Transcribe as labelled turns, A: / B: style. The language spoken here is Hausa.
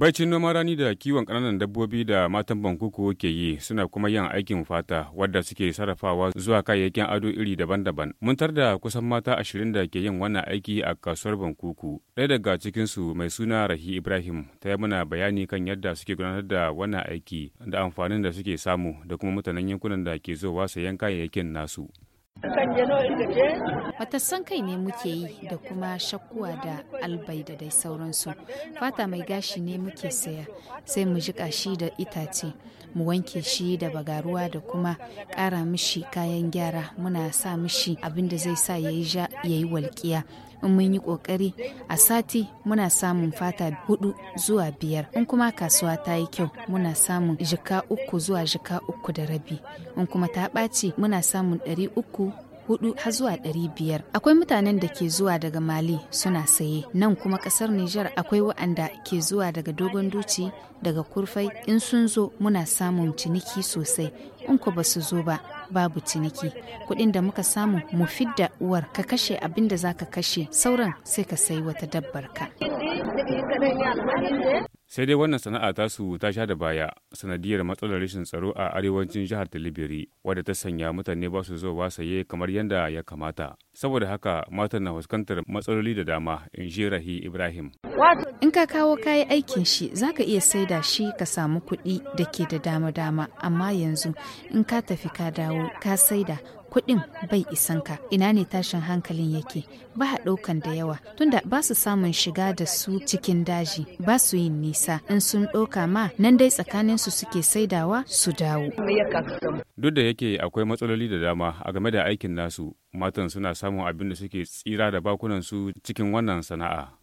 A: Baicin noma rani da kiwon ƙananan dabbobi da matan bankuku ke yi suna kuma yin aikin fata wadda suke sarrafawa zuwa kayayyakin ado iri daban-daban. Mun tar da kusan mata ashirin da ke yin wannan aiki a kasuwar bankuku. Ɗaya daga cikinsu mai suna Rahi Ibrahim ta yi mana bayani kan yadda suke gudanar da wannan aiki da amfanin da suke samu da kuma mutanen yankunan da ke zowa sayan kayayyakin nasu.
B: Matassan kai ne muke yi da kuma shakkuwa da albai da dai sauransu. Fata mai gashi ne muke saya, sai mu jiƙa shi da itace, mu wanke shi da bagaruwa da kuma ƙara mishi kayan gyara muna sa mishi abin da zai sa ya yi walƙiya. in mun yi ƙoƙari, a sati muna samun fata hudu zuwa biyar in kuma kasuwa ta yi kyau muna samun jika uku zuwa jika uku da rabi in kuma ta ɓaci muna samun ɗari uku 400 har zuwa 500 akwai mutanen da ke zuwa daga mali suna saye nan kuma kasar Nijar akwai waɗanda ke zuwa daga dogon duci daga kurfai in sun zo muna samun ciniki sosai in ku ba su zo ba babu ciniki kuɗin da muka samu mu fidda uwar ka kashe abin da za ka kashe sauran sai ka sayi wata dabbar ka
A: sai dai wannan sana'a ta su ta sha da baya sanadiyar matsalar rashin tsaro a arewacin jihar talibiri wadda ta sanya mutane ba su zuwa saye kamar yadda ya kamata saboda haka matan na fuskantar matsaloli da dama in ji rahi ibrahim
B: in ka kawo kayan aikin shi zaka iya saida shi ka samu kuɗi da ke da dama dama amma yanzu in ka tafi ka dawo ka saida kuɗin bai isan ka ina ne tashin hankalin yake ba ɗaukan da yawa tunda ba su samun shiga da su cikin daji ba su yin nisa nisa in sun ɗoka ma nan dai tsakanin su suke saidawa su dawo.
A: Duk da yake akwai matsaloli da dama a game da aikin nasu, matan suna samun abin da suke tsira da bakunan su cikin wannan sana'a.